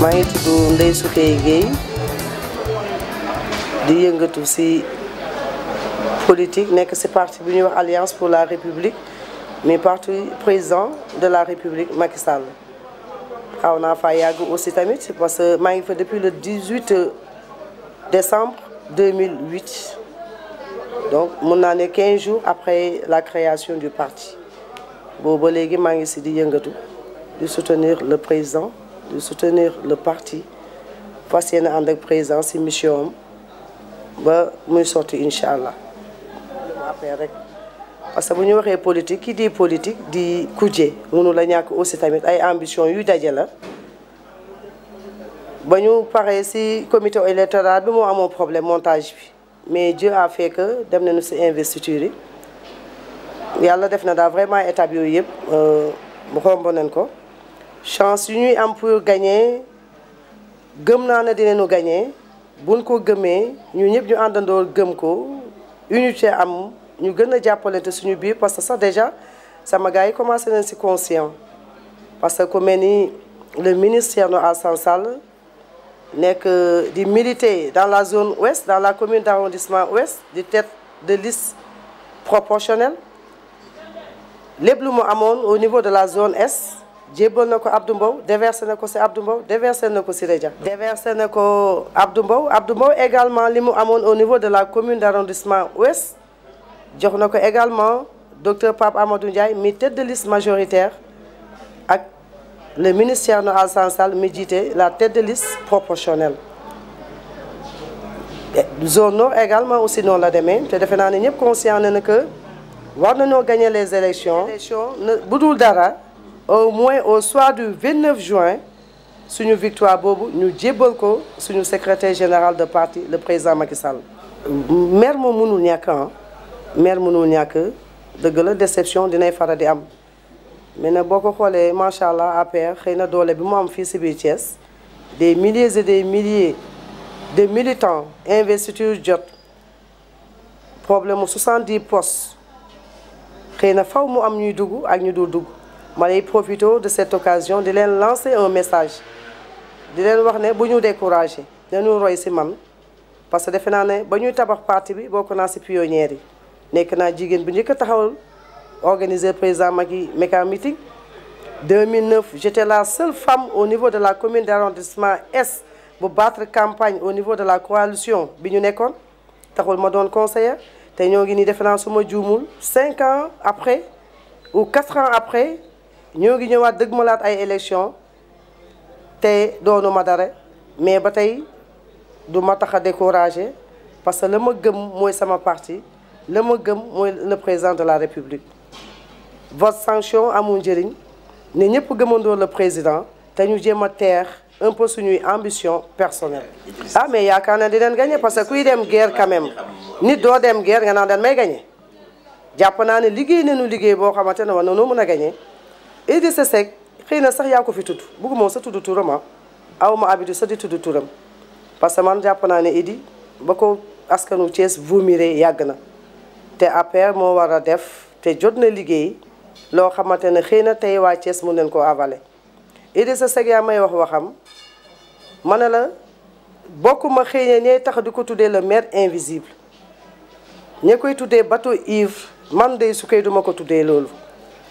Je suis tudd Ndeye Soukeye Gueye di yëngatu ci politique nekk ci parti bi l'Alliance Alliance pour la République mais parti président de la République Macky Sall xaw naa fa aussi tamit parce que ngi depuis le 18 décembre 2008 donc mun naa 15 jours après la création du parti Je suis maa ngi ci di yëngatu soutenir le président de soutenir le parti qu'il y y une président une mission je ba muy Inch'Allah. sorti parce que bu ñu politique qui dit politique di kuje on la aussi tamit ay ambition yu daje la ba ñu du comité électoral bi a un problème montage mais Dieu a fait que nous nañu investis. investiture yi a vraiment établi tout bon romb chance yu ñuy am pour gagner gëm na ne dinañu gagner buñ ko gëmee ñu ñëpp ñu àndandoo gëm ko unité am ñu gëna jappalé suñu biir parce que ça, déjà sama gars yi commencé na ci conscient parce que comme ni le ministère no Alassane Sall que euh, di militer dans la zone ouest dans la commune d'arrondissement ouest des tête de liste proportionnelle les lu amont au niveau de la zone est jébbal nako Abdou Mbow déversé na ko Abdou Mbow déversé na ko si déversé Abdou Mbow Abdou Mbow également limu amone au niveau de la commune d'arrondissement ouest jox également docteur Pape Amadou Ndiaye mi tête de liste majoritaire ak le ministère no Alassane sal mi jité la tête de liste proportionnelle. zone nord également aussi non la demain, te defe naa ne ñëpp conscient na ne que war nañoo gagner les élections. élections dara au moins au soir du 29 juin une victoire Bobo, ñu jébbal ko suñu secrétaire général de parti le président Macky Sall. Mère moom mënul Mère ah maire mënul la déception de fara di mais je boo ko xoolee macha à APR xëy na doole bi mu am des milliers et des milliers de militants investiture jot problème 70 postes xëy na fait mu am ñuy à ak ñu ma profite de cette occasion de leur lancer un message de leur wax ne nous décourager de nous roy parce que nous, naa ne ba tabax parti bi bokk naa si pionnière nous avons fait, jigéen bu organiser président Macky meeting 2009 j'étais la seule femme au niveau de la commune d'arrondissement S pour battre campagne au niveau de la coalition bi ñu nekkoon taxul ma doon conseillère te ñoo ngi nii defe de su cinq ans après ou quatre ans après ñoo ngi ñëwaat dëgg ma laat ay élection te doonu ma mais ba tey du ma tax découragé parce que le ma gëm moy sama parti le ma gëm moy le président de la république votre sanction amul njëriñ ne ñëpp gëmandoo le président te ñu jéem terre un peu suñuy ambition personnelle ah mais y'a na dinañ gagné parce que kuy dem guerre quand même ni doo dem guerre nga naan dañ may gagné jàpp naa ne liggéey nañu liggéey boo xamante nous war na noo gagné Idrissa Seck xëy na sax yaa ko fi tudd bugguma sa tudd turam ah aw ma habitude sa di tudd turam parce que man jàpp naa ne Idi ba ko askanu Thiès vomire yàgg na te APR moo war a def te jot na liggéey loo xamante ne xëy na tey waa Thiès mën nañ koo avaler Idrissa Seck yaa may wax waxam ma ne la bokkuma xëy na ñay tax di ko tuddee le maire invisible ña koy tuddee bateau ivre man de su koy duma ko tuddee loolu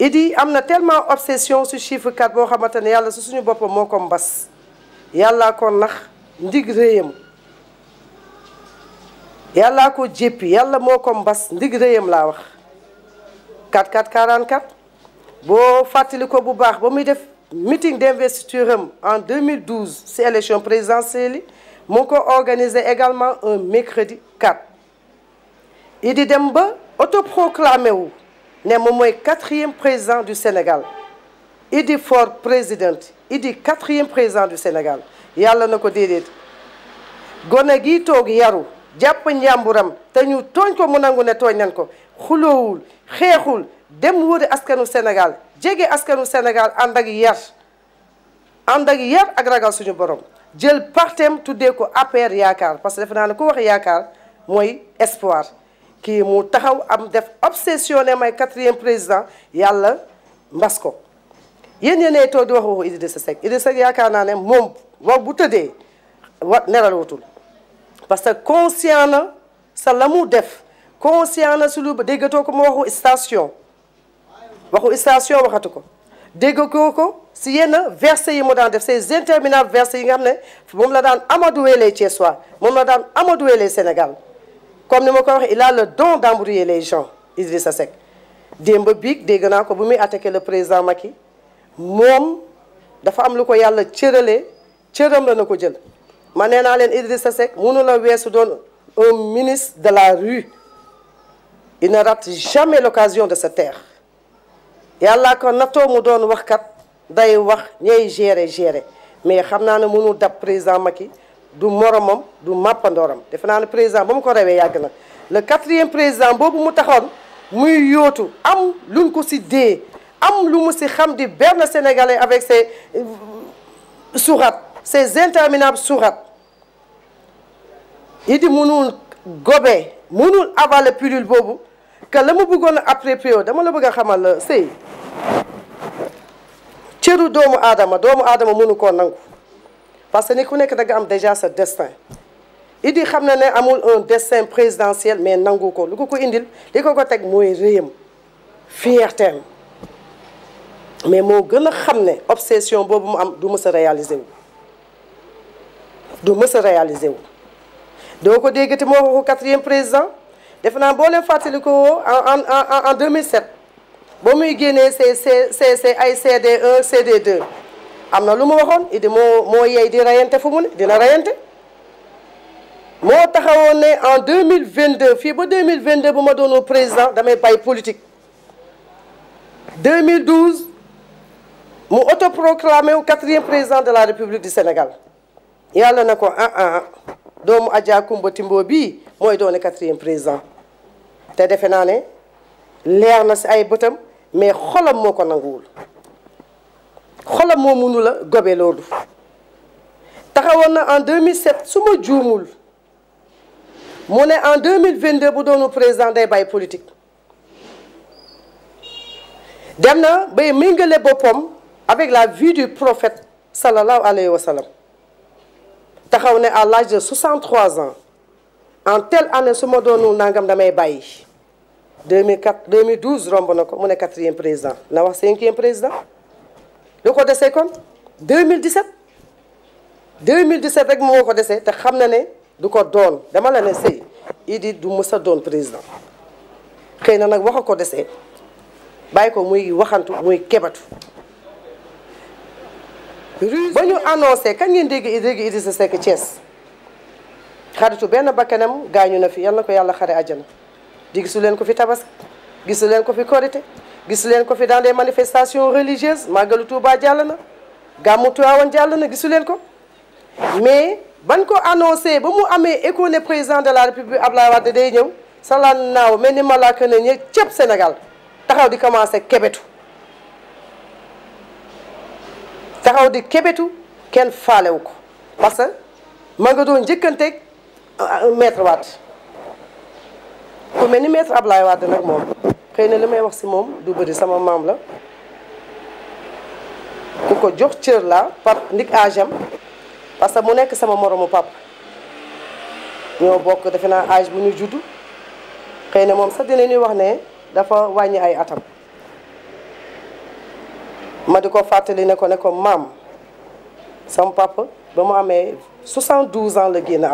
il dit am a tellement obsession le chiffre 4 boo ce ne yàlla su suñu boppam moo ko mbas yàllaa ko nax ndig réyam Yalla ko jéppi yàlla moko mbass mbas ndig l'a wax 4 4 44 ko bu bax ba def meeting d'investiture en 2012 c'est élection présidentielle moko organiser également un mercredi 4 il dit dem ba autoproclamé wu ne le 4 quatrième président du Sénégal Idi Fort président Idi quatrième président du Sénégal Il y ko le gi toog yaru jàpp njàmburam ñu le ko mu nangu ne tooñ il ko dem du Sénégal président du Sénégal ànd yar ànd ak partem tuddee ko APR Yakar, parce que le final, le Yakar, Moi, espoir kii mu taxaw am def ne may quatrième président yàlla mbas ko yéen yéen ay toog di wax waxu Idrissa Seck Idrissa Seck yaakaar naa ne moom moom bu tëddee wa nelalawatul parce que conscient na sa la mu def conscient na su lu déggatoo ko mu waxu station waxu station waxatu ko déggatoo ko si yenn versets yi mu daan def ces interminables versets yi nga xam ne moom la daan amadouer les Thiessois moom la daan amadouer les Sénégal comme nous ma ko il a le don d'embrouiller les gens Idrissa Seck dembe big dégg naa ko bumi attaquer le président Macky mom dafa am lu ko yàlla cëralee cëram la nako ko jël ma nee naa leen Idrissa la wessu don un ministre de la rue il ne rate jamais l'occasion de se taire yàlla ko Nato, mu wax kat day wax ñey gérer gérer mais xamna na munu dab président Macky du moromam du mapandoram. defe naa ne président ba ko rewé yag nak le quatrième président bobu mu taxone muy yotu am luñ ko si am lu mu si xam di berne sénégalais avec ses euh, sourates ses interminables sourates Il dit mënul gobé, mënul avaler pilule boobu que la mu après a approprier dama la bëgg xamal la euh, sëy cëru doomu adama doomu adama mënu ko nangu parce que nous ku déjà ce destin Il dit na y a un destin présidentiel mais n'y a pas. ko ko indil c'est qu'il ko teg mooy fierté. mais il gën a une ne obsession boobu mu am a réaliser wu du se réaliser Donc doo ko que quatrième président Il naa fait en 2007 ba muy génnee ses CD1 CD2 amna luma lu mu waxoon Idi moo moo yey di rayante fu mu ne dina rayante mo taxawone en 2022, fi ba 2022 bu ma doonul président damay bàyyi politique. 2012 mu autoproclamé wu quatrième président de la république du Sénégal Yalla nako ko ah, ah ah doomu Adja Kumba Timbo bii mooy doone quatrième président te defe nané ne na ci ay bëtam mais xolam moko ko yàlla mo mënu la gobe loolu taxawoon en 2007 suma ma moné en 2022 bu doonu président day bàyyi politique demna na bay méngale boppam avec la vie du prophète sallalahu alayhi wa sallam taxaw à l'âge de 63 ans en telle année su ma doonul nangam damay bàyyi 2004 2012 romb na ko mu ne quatrième président la wax 5e président lu ko desee kon mille 2017 2017 rek moo ko desee te xam na ne du ko doon dama la ne sëy Idi du mës a doon président xëy na nag wax a ko desee bàyyi ko muy waxantu muy kebatu ba ñu annoncé kan ngeen dégg dégg Idrissa Seck Thiès xaritu benn bakkanam gaañu na fi yal na ko yàlla xare àjjana di gisu leen ko fi tabaski gisu leen ko fi korite gis leen ko fi dans des manifestations religieuses màggalu Touba jàll na gàmmu Tiwaawan jàll na gisu leen ko mais ban ko annoncé ba mu amee écho président de la république Abdoulaye Wade day ñëw salaan naaw mel ni malaaka na ñë cëpp Sénégal taxaw di commencé kebetu taxaw di kebetu kenn faalewu ko parce que ma nga doon njëkkanteeg euh, euh, maître Wade ku mel ni maître Abdoulaye Wade nag moom xëy na le may wax si moom du bëri sama maam la ku la par ndik parce que mu nekk sama moromu pap ñoo bokk defe naa âge bu ñu judd xëy na wax ne dafa wàññi ay atam ma di ko ne ko ne ko sama papa ba mu 72 ans la génn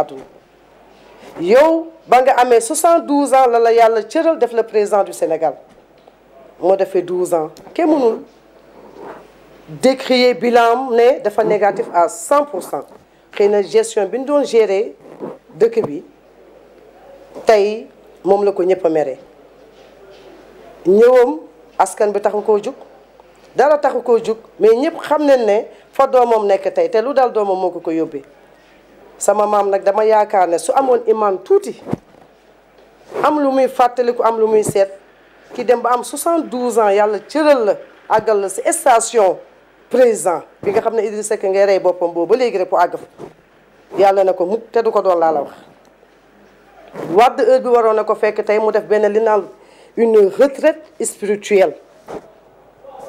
Yo, ba nga 72 ans la la yalla cëral def le président du Sénégal mo defé 12 ans ké mënul décrier bilan ne dafa négatif à 100 pour gestion bi doon gérer dëkk bi tay mom la ko ñëpp méré mere askan bi tax ko juk dara tax ko juk mais ñëpp xam nañ ne fa doomam nekk tay té lu dal doomam moo ko ko sama maam nag dama yaakaar ne su amoon imaan tuuti am lu muy fàttaliku am lu muy seet kii dem ba am 72 ans yàlla cëral la àggal la si station président bi nga xam ne Idrissa Seck ngay rey boppam boobu ba léegi rek bu àgg fa yàlla na ko mu te du ko doon laa la wax wadd heure bi waroon na ko fekk tey mu def benn li naan une retraite spirituelle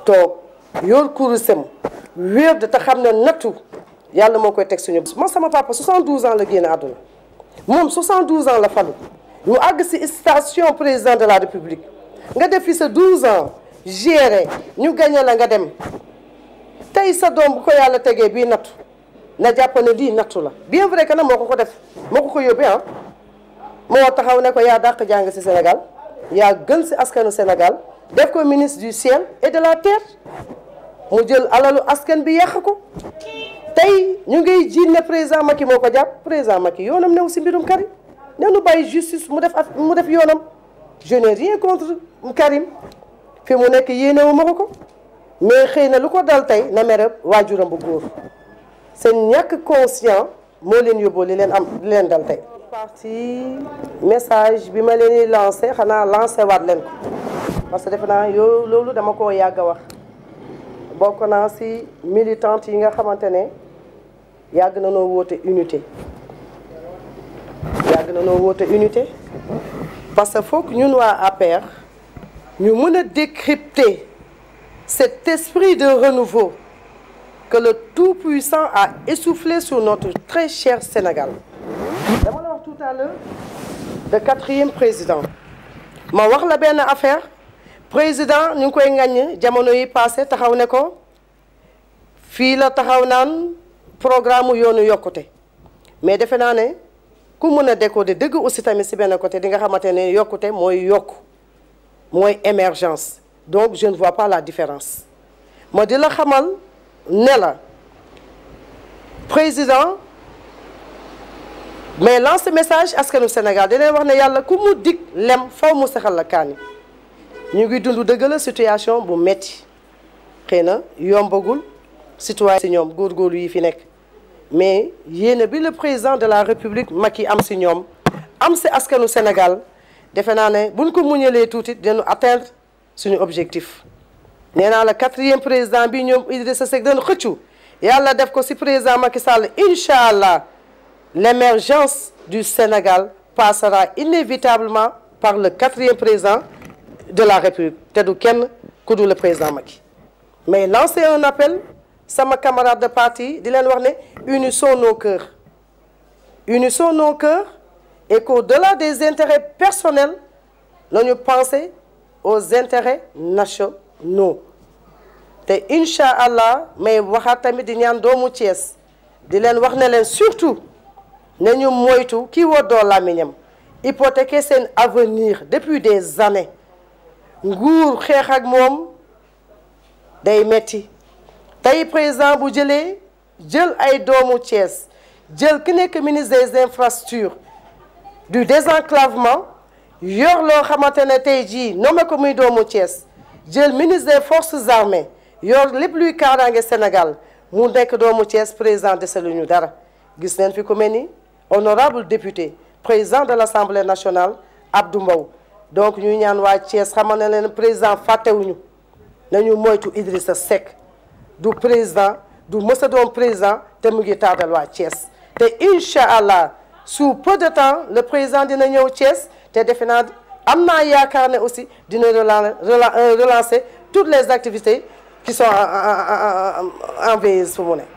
toog yor kurusam wéer da te xam ne nattu Yalla moko tek suñu man sama papa 72 ans le guen aduna mom 72 ans la falu ñu ag ci station président de la république nga def fi sa 12 ans géré ñu gagné la nga dem tay sa dom ko yalla tegee bi natou na jàpp li natou la bien vrai que na moko ko def moko ko yobé hein mo taxaw ne ko ya dàq jang ci Sénégal ya gën ci askanu Sénégal def ko ministre du ciel et de la terre mu jël alalu askan bi yàq ko. tey ñu ngay jiiñ ne président Macky moo ko jàpp président Macky yoonam new si mbirum Karim nenu bàyyi justice mu def mu def yoonam je n'ai rien contre Karim fi mu nekk yéenewu ma ko mais xëy na lu ko dal tey na mere waajuram bu góor seen ñàkk conscient moo leen yóbboo li leen am li leen dal tey parti message bi ma leen di lancé xanaa lancé waat leen ko parce que defe naa loolu dama ko yàgg a wax bokk naa si militante yi nga xamante ne Il na a woote unité Il na a woote unité parce que faut que nous nous ñu Nous devons décrypter cet esprit de renouveau que le Tout-Puissant a essoufflé sur notre très cher Sénégal dama tout à l'heure le quatrième président ma wax la benn affaire président ñu ngi koy ŋàññ jamono passé taxaw ne ko fii la taxaw programme yoonu yokkute mais defe naa ne ku mën a décoder dëgg aussi tamit si benn côté di nga xamante ne yokkute mooy yokk mooy émergence donc je ne vois pas la différence ma di la xamal ne la président mais lance message askanu Sénégal di leen wax ne yàlla ku mu dig lem faw mu saxal la kaani ñu ngi dund dëgg la situation bu metti xëy na yombagul citoyen si ñoom góorgóorlu yi fi nekk mais yéene bi le président de la république Macky am si ñoom am si askanu Sénégal defe naa ne buñ ko muñalee atteindre suñu objectif. nee naa la quatrième président bi ñoom Idrissa Seck dañu xëccu yàlla def ko si président Macky Sall incha allah l' émergence du Sénégal passera inévitablement par le quatrième président de la république te du kenn ku le président Macky mais lancer un appel sama camarade de parti di len wax unissons nos cœurs unissons nos cœurs et qu'au-delà des intérêts personnels l'on pense aux intérêts nationaux te inshallah mais may waxaat tamit di ñaan doomu ties di len wax ne leen surtout nañu ñu moytu kii woo doo làmmiñam hypothéquer sen avenir depuis des années nguur xex ak mom day metti tay président bu jëlee jël ay doomu Thiès jël ki ministre des infrastructures du désenclavement yor lo xamantene tay nommé ko muy doomu Thiès jël ministre des forces armées yor lepp luy karangé Sénégal mu nek doomu Thiès président de lu dara gis fi ko melni honorable député président de l'Assemblée nationale Abdou Mbow donc ñuy ñaan wa Thiès xamantene le leen président wuñu nañu moytu Idrissa Sek du président du monsieur du président de mu de tardal Thiès Et Inch'Allah, sous peu de temps le président dina ñëw Thiès té defe amna am naa aussi dina relancer toutes les activités qui sont en en